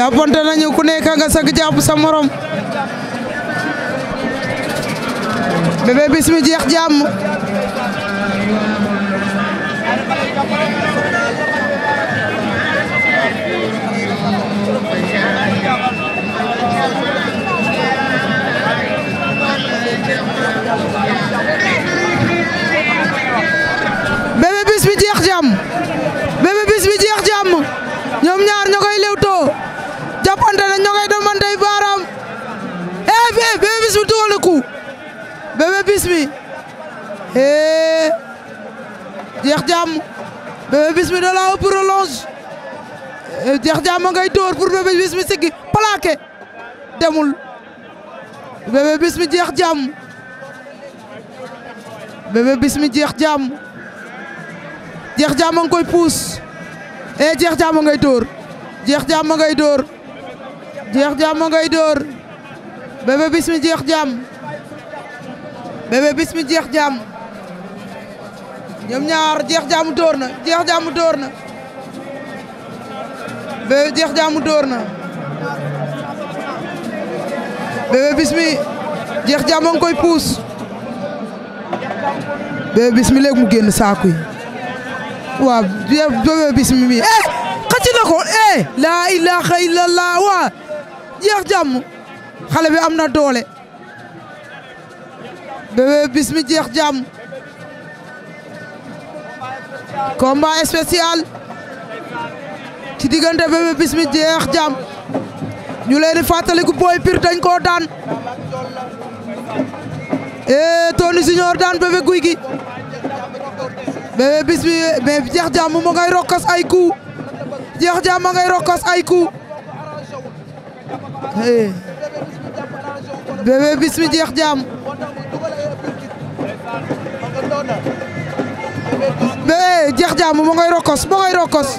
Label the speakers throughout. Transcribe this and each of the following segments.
Speaker 1: jàppante nañu ku nekk nga sëgg jàpp sa morom Bébé Bismi jeex jàmm jeex jàmm bébé bismi da laa ëpp relonge jeex jàmm ngay dóor pour bébé bismi siggi plaqué demul bébé bismi jeex jàmm bébé bismi jeex jàmm jeex jàmm nga koy puus eh jeex jàmm ngay dóor jeex jàmm ngay dóor jeex jàmm ngay dóor bébé bismi jeex jàmm bébé bismi jeex jàmm ñoom ñaar jeex jaamu dóor na jeex jàmm dóor na jeex jaamu dóor na bébé bismi jeex jaam koy puus bébé bismi léegi mu génn saaku yi waaw bébé bismi mi eh na ko eh laa ilaaha illallah waa jeex jàmm xale bi am na doole bébé bismi jeex jàmm combat spécial ci diggante Bébé Bismi Jeex Jàmm ñu leen di fàttaliku Boy piir dañ koo daan e Tony Junior daan Bébé Gouy Gui Bébé Bismi mais Jeex Jàmm mo ngay rokkas ay coup Jeex Jàmm mo ngay rokkas ay coup eh. Bébé Bismi Jeex Jàmm jeex jaamu ma ngay rokkos ma ngay rokkos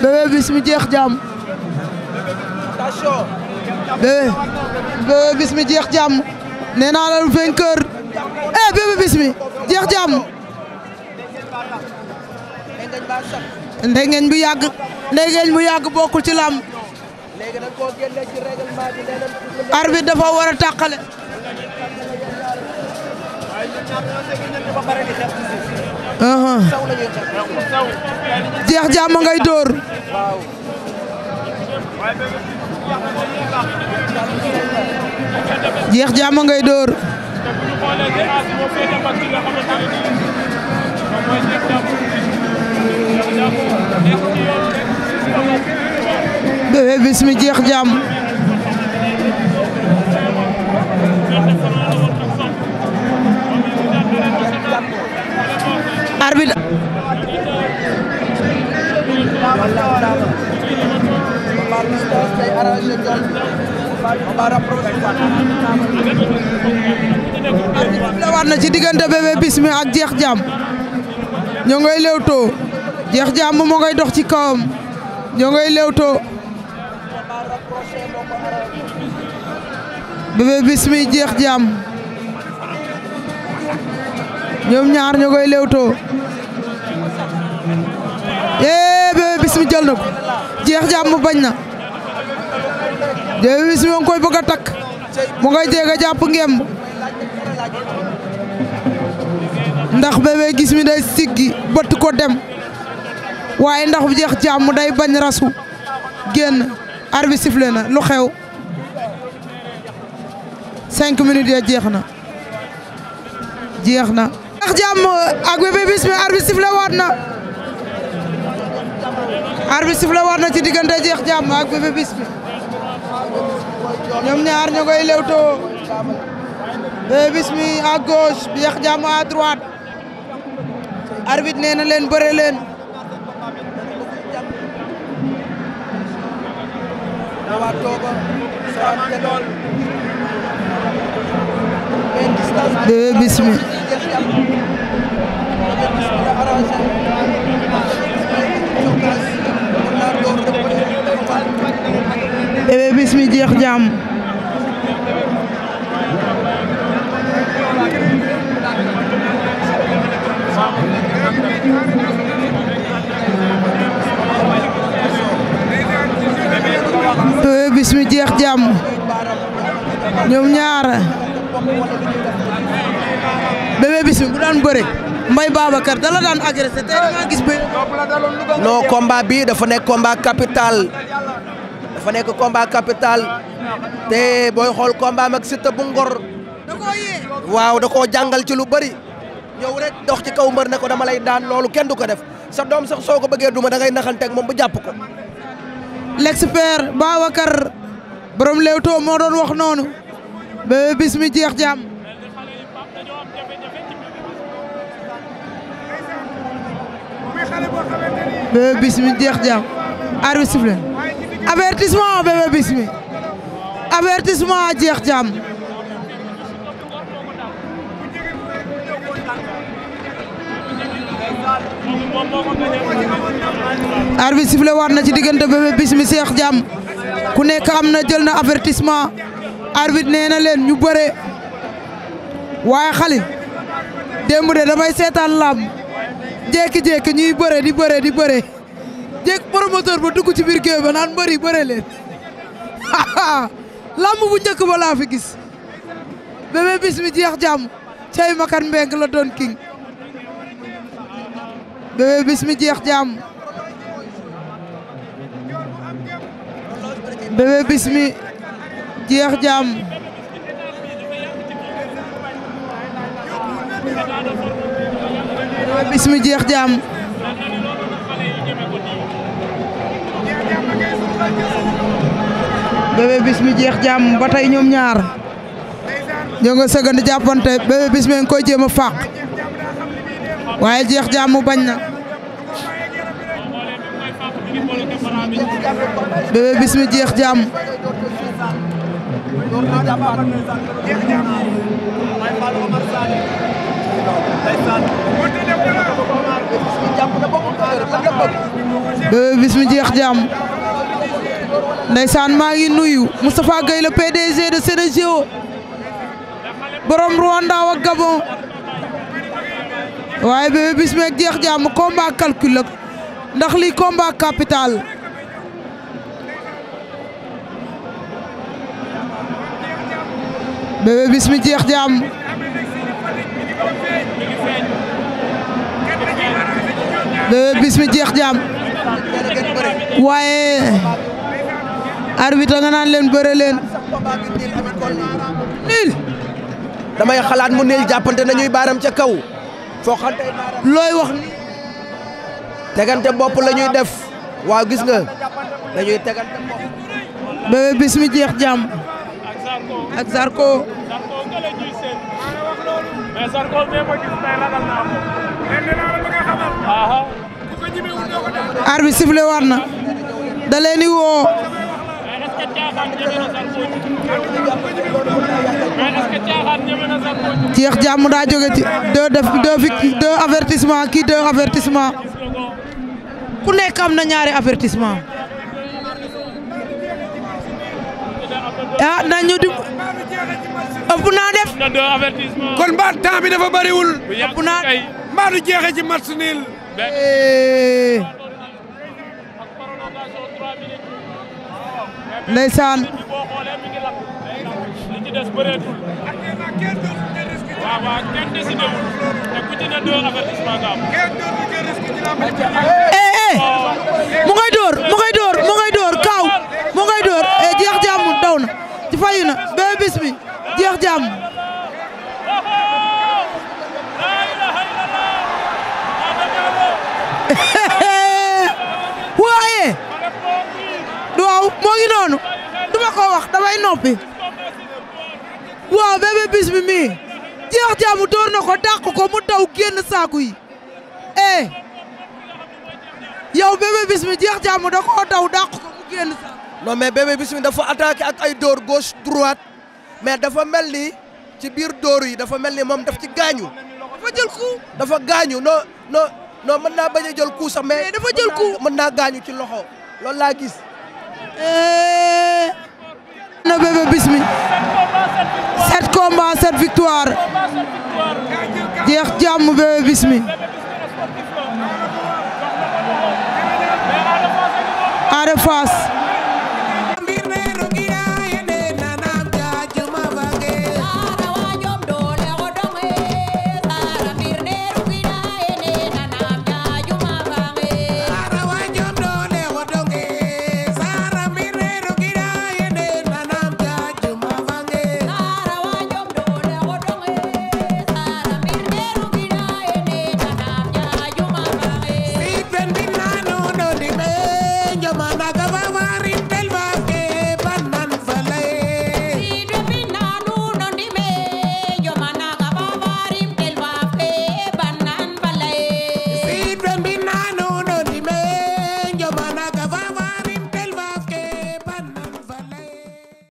Speaker 1: bébé bis mi jeex jaamu bébé bébé bis mi jeex jaamu nee naa la vainqueur eh bébé bis mi jeex jaamu ndengeñ bu yàgg ndengeñ bu yàgg bokkul ci làmb bi dafa war a tàqale Uh-huh. jeex jaama ngay dóor jeex jaama ngay dóor bébé bismi jeex jaam arbitre la war na ci diggante Bébé Bismi ak Jeex Jaam ñoo ngay lewtoo Jeex Jaam moo ngay dox ci kawam ñoo ngay lewtoo Bébé Bismi Jeex Jaam ñoom ñaar ñoo koy lewtoo ee eh, Bébé Bismi jël na ko jeex jàmm bañ na Bébé Bismi ngi koy bëgg a takk mu ngay jéeg a jàpp ngemb ndax Bébé Bismi day siggi bët ko dem waaye ndax bu jeex jàmm day bañ rasu génn arbi sifflé na lu xew cinq minutes ya jeex na jeex na Cheikh Jàmm ak Bébé Bismi arbitre sifflé waat na ci diggante Cheikh Jàmm ak Bébé Bismi ñoom ñaar ñoo koy lewtoo Bébé Bismi à gauche Cheikh Jàmm à droite arbitre na leen bëre leen Bébé Bismi jeex jàmm Bébé Bismi jeex jàmm ñoom ñaar bis bi bu daan bëre Mbaye Babacar dala daan agressé tey dama gis bëre. non combat bi dafa nekk combat capital dafa nekk combat capital te booy xool combat mag Siteu bu Ngor. da koo waaw da koo jàngal ci lu bëri. ñëw rek dox ci kaw mbër ne ko dama lay daan loolu kenn du ko def sa doom sax soo ko bëggee duma da ngay naxanteeg moom ba jàpp ko. l'expert Babacar borom Leewtoo moo doon wax noonu ba bis mi jeex jàmm. Bébé Bismi jeex jàmm arbitre sifflé avertissement Bébé Bismi avertissement jeex jàmm arbitre sifflé waat na ci diggante Bébé Bismi Cheikh Diam ku nekk am na jël na avertissement arbitre nee na leen ñu bëre waaye xali démb de damay seetaan làmb jékki-jékki ñuy bëre di bëre di bëre jékki promoteur ba dugg ci biir géew ba naan mbëri bëre leen lamb bu njëkk ba laa fi gis Bébé Bismi jeex jàmm cay makan mbeng la doon king Bébé Bismi Bismi jeex jàmm ba bis mu jeex jàmm. bébé bis mi jeex jàmm ba tey ñoom ñaar ñoo nga sëgandi jàppante bis mi ngi koy jéem fàq waaye jeex jàmm bañ na bébé bis mi jeex jàmm bis mi jeex jàmm ndeysaan maa ngi nuyu Moustapha Gueye le PDG de Sénégéo borom Rwanda wa Gabon waaye bébé bis jeex jàmm combat calcul la ndax lii combat capital bébé bébé bis jeex jàmm waaye arbitre nga naan leen bëre leen niil damay xalaat mu niil jàppante nañuy baaram ca kaw foo xante looy wax ni tegante bopp la def waa gis nga dañuy tegante bopp Bébé Bismi jeex jàmm ak arbi sifflé war na da leen di woo Cheikh Diam daa jóge ci deux def deux avertissement kii deux avertissement ku nekk am na ñaari avertissement ah nañu di ëpp naa def kon mbaa temps bi dafa bariwul ëpp naa mbaa du ci match ndeysaan eh eh ngi noonu duma ko wax damay noppi waaw bébé bis mi mii jeex jaamu door na ko dàq ko mu taw génn saaku yi eh yow bébé bis mi jeex jaamu da koo daw dàq ko mu génn saaku non mais bébé bis mi dafa attaqué ak ay dóor gauche droite mais dafa mel ni ci biir dóor yi dafa mel ni moom daf ci gaañu dafa jël coup dafa gaañu noo noo non mën naa bañ a jël coup sax mais dafa jël coup mën naa gaañu ci loxo loolu laa gis na Bébé Bismi sept combats sept victoire jeex jàmm Bébé Bismi Ada Fass